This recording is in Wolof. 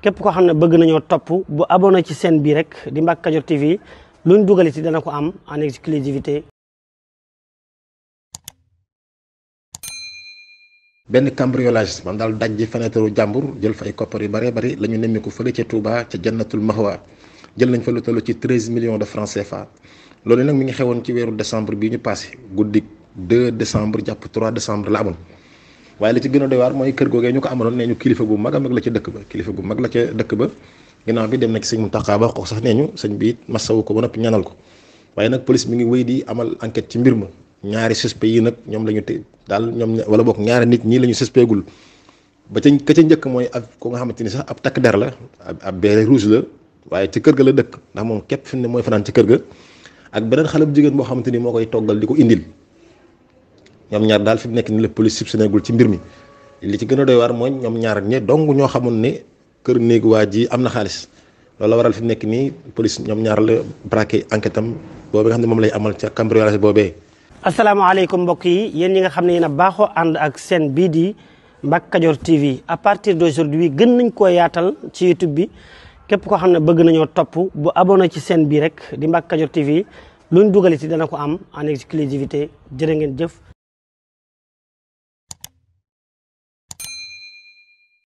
képp koo xam ne bëgg nañoo topp bu abonné ci chaîne bii rek di Mbacke Kadior TV luñ dugal ci dana ko am en exclusivité benn cambriolage man daal dajj fenêtre jàmbur jël fa ay koppar yu bëree bëri la ñu nemmeeku fële ca Touba ca Jannatul Mahwa jël nañ fa lu toll ci 13 millions de francs fa loolu nag mi ngi xewoon ci weeru décembre bi ñu passé guddi 2 décembre jàpp 3 décembre la amoon. waaye la ci gën a doy waar mooy kër googee ñu ko amaloon nee ñu kilifa gu mag a mag la ca dëkk ba kilifa gu mag la ca dëkk ba ginnaaw bi dem na ci sëñ Mountakha ba ko sax nee ñu sëñ bi it masawu ko ba noppi ñanal ko waaye nag mi ngi wéy di amal enquête ci mbir ma ñaari suspect yi nag ñoom la ñu te daal ñoom wala boog ñaari nit ñii la ñu suspectgul ba ca ka njëkk mooy ak ko nga xamante ni sax ab takk der la ab béret rouge la waaye ci kër ga la dëkk ndax moom képp fi ne mooy fanaan ci kër ga ak beneen xale bu jigéen boo xamante ni moo koy toggal di ko indil ñoom ñaar daal fi mu nekk ni la police soupçonnéegul ci mbir mi li ci gën a doy waar mooy ñoom ñaar ñe dong ñoo xamoon ne kër néegu waa am na xaalis loolu la waral fi mu nekk nii police ñoom ñaar la braqué enquête am boobu nga xam ne moom lay amal ca cambriolage boobee. asalaamaaleykum mbokk yi yéen ñi nga xam ne yéen a baaxoo ànd ak seen bii di Mbacke Kadior TV à partir d'aujourd'hui gën nañ koo yaatal ci YouTube bi képp koo xam ne bëgg nañoo topp bu abonné ci seen bii rek di Mbacke Kadior TV luñ dugal ci dana ko am en exclusivité jërë ngeen jëf.